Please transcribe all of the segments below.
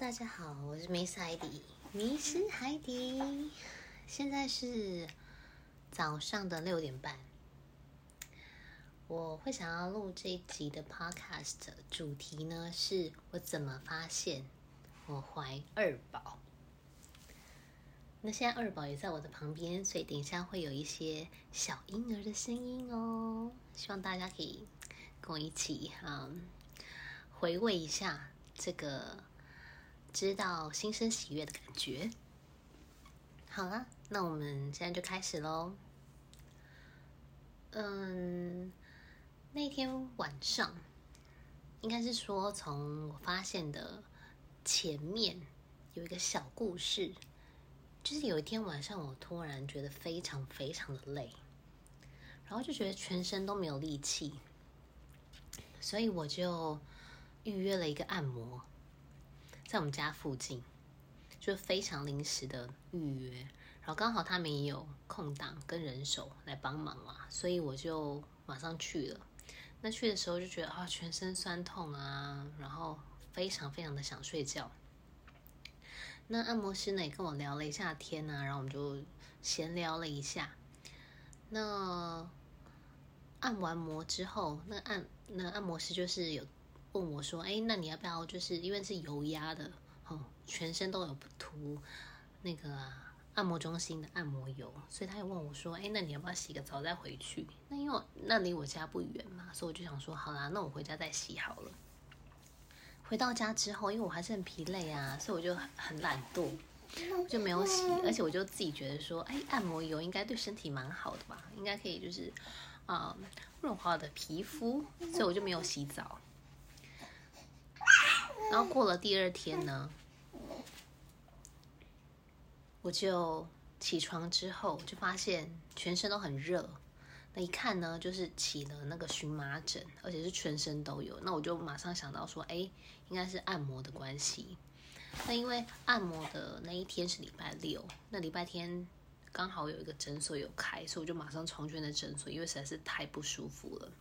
大家好，我是 Miss 海底，迷失海底。現在是早上的六點半，我會想要錄這一集的 Podcast，主題呢是我怎麼發現我懷二寶。那現在二寶也在我的旁邊，所以等一下會有一些小嬰兒的聲音哦。希望大家可以跟我一起啊、嗯，回味一下這個。知道心生喜悅的感覺。好了，那我們現在就開始嘍。嗯，那天晚上，應該是說從我發現的前面有一個小故事，就是有一天晚上，我突然覺得非常非常的累，然後就覺得全身都沒有力氣，所以我就預約了一個按摩。在我們家附近，就非常臨時的預約，然後剛好他們也有空檔跟人手來幫忙嘛，所以我就馬上去了。那去的時候就覺得啊、哦，全身痠痛啊，然後非常非常的想睡覺。那按摩師呢也跟我聊了一下天啊，然後我們就閒聊了一下。那按完摩之後，那按那按摩師就是有。問我說：“哎、欸，那你要不要就是，因為是油壓的，哦，全身都有塗那個、啊、按摩中心的按摩油，所以他又問我說：哎、欸，那你要不要洗個澡再回去？那因為那離我家不遠嘛，所以我就想說：好啦，那我回家再洗好了。回到家之後，因為我還是很疲累啊，所以我就很懶惰，就沒有洗。而且我就自己覺得說：哎、欸，按摩油應該對身體蠻好的吧，應該可以就是啊、潤、嗯、滑我的皮膚，所以我就沒有洗澡。”然後過了第二天呢，我就起床之後就發現全身都很熱，那一看呢就是起了那個蕁麻疹，而且是全身都有。那我就馬上想到說，哎，應該是按摩的關係。那因為按摩的那一天是禮拜六，那禮拜天剛好有一個診所有開，所以我就馬上衝進了診所，因為實在是太不舒服了。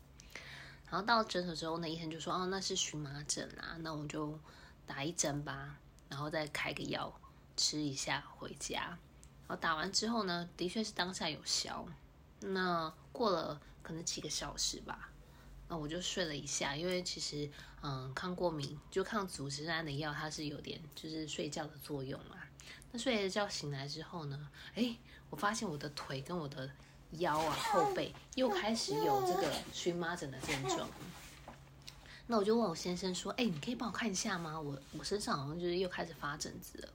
然後到診所之後呢，醫生就說：“哦、啊，那是蕁麻疹啊，那我就打一針吧，然後再開個藥吃一下回家。”然後打完之後呢，的確是當下有效。那過了可能幾個小時吧，那我就睡了一下，因為其實嗯抗過敏就抗組織胺的藥它是有點就是睡覺的作用嘛。那睡了覺醒來之後呢，哎，我發現我的腿跟我的。腰啊，後背又開始有這個蕁麻疹的症狀，那我就問我先生說：“哎，你可以幫我看一下嗎？我我身上好像就是又開始發疹子了。”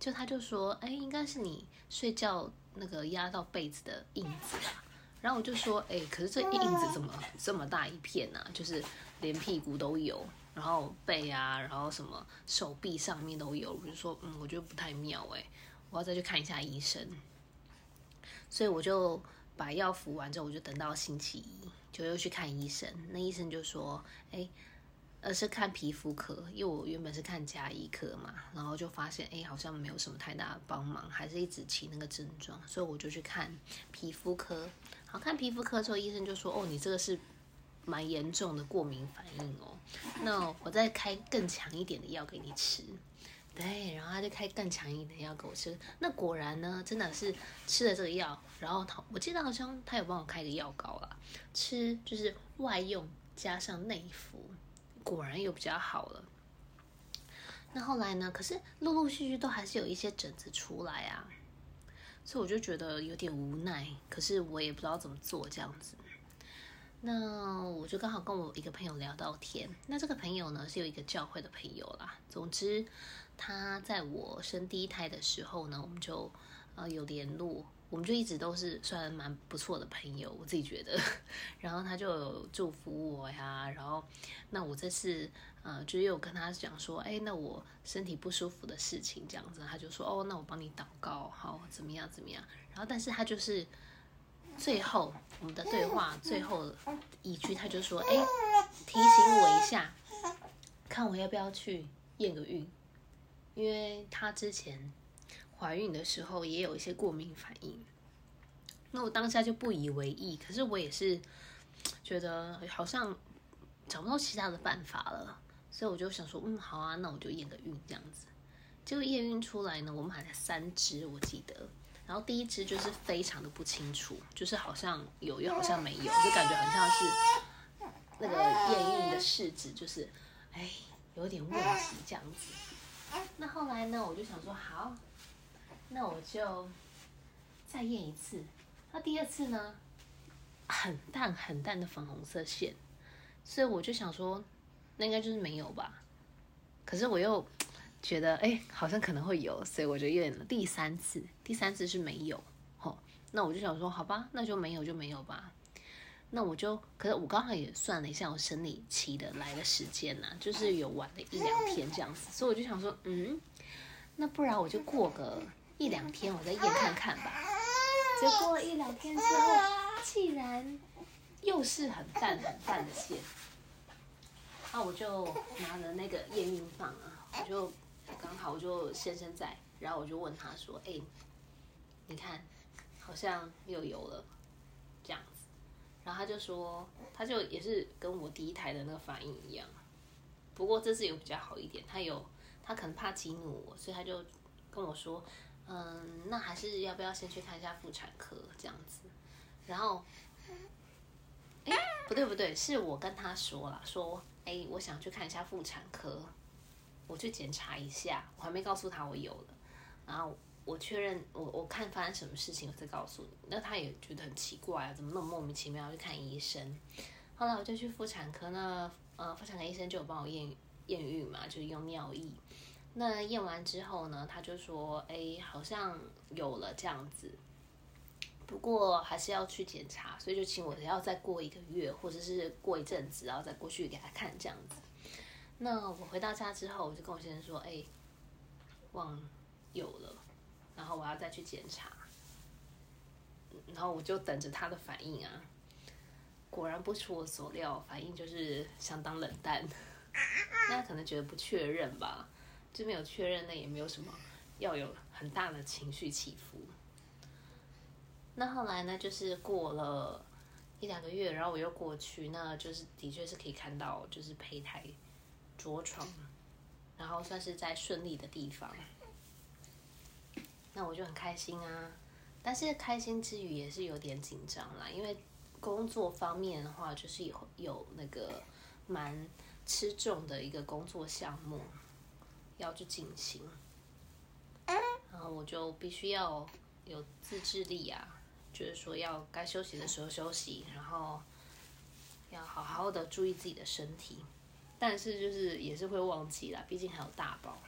就他就說：“哎，應該是你睡覺那個壓到被子的印子啊。”然後我就說：“哎，可是這印子怎麼這麼大一片啊？就是連屁股都有，然後背啊，然後什麼手臂上面都有。我就說：嗯，我覺得不太妙哎，我要再去看一下醫生。”所以我就把藥服完之後，我就等到星期一，就又去看醫生。那醫生就說：“哎、欸，呃，是看皮膚科，因為我原本是看家醫科嘛。”然後就發現，哎、欸，好像沒有什麼太大的幫忙，還是一直起那個症狀。所以我就去看皮膚科，好，看皮膚科之後，醫生就說：“哦，你這個是蠻嚴重的過敏反應哦。那我再開更強一點的藥給你吃。”對，然後他就開更強硬的藥給我吃。那果然呢，真的是吃了這個藥，然後他我記得好像他有幫我開個藥膏啦，吃就是外用加上內服，果然又比較好了。那後來呢，可是陸陸續續都還是有一些疹子出來啊，所以我就覺得有點無奈，可是我也不知道怎麼做這樣子。那我就剛好跟我一個朋友聊到天，那這個朋友呢，是有一個教會的朋友啦。總之，他在我生第一胎的時候呢，我們就呃有聯絡，我們就一直都是算蠻不錯的朋友，我自己覺得。然後他就祝福我呀，然後那我這次呃就又跟他講說，哎，那我身體不舒服的事情這樣子，他就說，哦，那我幫你禱告，好，怎麼樣怎麼樣。然後，但是他就是。最後，我們的對話最後一句，他就說：“哎、欸，提醒我一下，看我要不要去驗個孕，因為他之前懷孕的時候也有一些過敏反應。那我當下就不以為意，可是我也是覺得好像找不到其他的辦法了，所以我就想說，嗯，好啊，那我就驗個孕這樣子。結果驗孕出來呢，我們買了三支，我記得。”然後第一支就是非常的不清楚，就是好像有又好像沒有，就感覺好像是那個驗孕的試紙就是，哎，有點問題這樣子。那後來呢，我就想說好，那我就再驗一次。那第二次呢，很淡很淡的粉紅色線，所以我就想說，那應該就是沒有吧。可是我又覺得哎，好像可能會有，所以我就驗了第三次，第三次是沒有。吼、哦，那我就想說，好吧，那就沒有就沒有吧。那我就，可是我剛好也算了一下我生理期的來的時間吶、啊，就是有晚了一兩天這樣子，所以我就想說，嗯，那不然我就過個一兩天我再驗看看吧。結果一兩天之後，竟然又是很淡很淡的線，那、啊、我就拿了那個驗孕棒啊，我就。剛好我就先生在，然後我就問他說：“哎、欸，你看，好像又有了這樣子。”然後他就說：“他就也是跟我第一胎的那個反應一樣，不過這次有比較好一點，他有他可能怕激怒我，所以他就跟我說：‘嗯，那還是要不要先去看一下婦產科這樣子？’然後，哎、欸，不對不對，是我跟他說了，說：‘哎、欸，我想去看一下婦產科。’”我去檢查一下，我還沒告訴他我有了，然後我確認我我看發生什麼事情，我再告訴你。那他也覺得很奇怪啊，怎麼那麼莫名其妙去看醫生？後來我就去婦產科呢，那呃婦產科醫生就有幫我驗驗孕嘛，就是用尿液。那驗完之後呢，他就說，哎、欸，好像有了這樣子，不過還是要去檢查，所以就請我要再過一個月或者是，是過一陣子，然後再過去給他看這樣子。那我回到家之後，我就跟我先生說：“哎、欸，忘有了，然後我要再去檢查。”然後我就等着他的反應啊。果然不出我所料，反應就是相當冷淡。 那他可能覺得不確認吧，就沒有確認，那也沒有什麼要有很大的情緒起伏。那後來呢，就是過了一兩個月，然後我又過去呢，那就是的確是可以看到，就是胚胎。着床，然後算是在順利的地方，那我就很開心啊。但是開心之餘也是有點緊張啦，因為工作方面的話，就是有有那個蠻吃重的一個工作項目要去進行，然後我就必須要有自制力啊，就是說要該休息的時候休息，然後要好好的注意自己的身體。但是就是也是會忘記啦，畢竟還有大寶。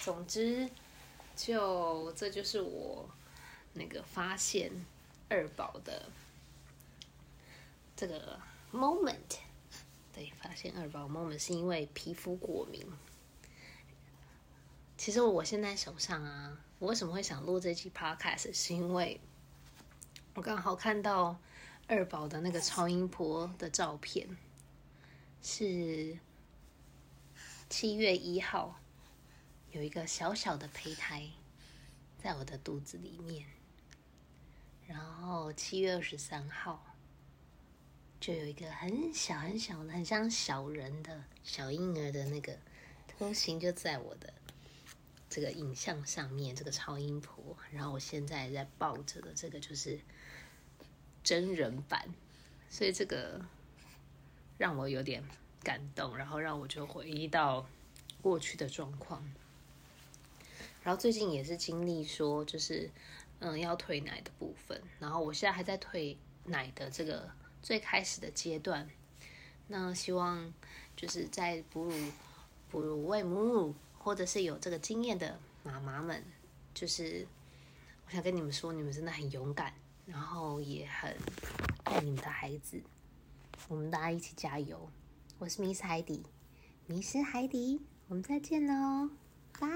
總之，就這就是我那個發現二寶的這個 moment，對，發現二寶 moment 是因為皮膚過敏。其實我現在手上啊，我為什麼會想錄這期 podcast，是因為我剛好看到二寶的那個超音波的照片。是七月一號，有一個小小的胚胎在我的肚子裡面，然後七月二十三號，就有一個很小很小的、很像小人的小嬰兒的那個東西就在我的這個影像上面，這個超音波。然後我現在在抱着的這個就是真人版，所以這個。讓我有點感動，然後讓我就回憶到過去的狀況。然後最近也是經歷說，就是嗯，要退奶的部分。然後我現在還在退奶的這個最開始的階段。那希望就是在哺乳、哺乳餵母乳，或者是有這個經驗的媽媽們，就是我想跟你們說，你們真的很勇敢，然後也很愛你們的孩子。我們大家一起加油！我是 Miss Heidi，迷失海底，迷失海底，我們再見嘍，拜。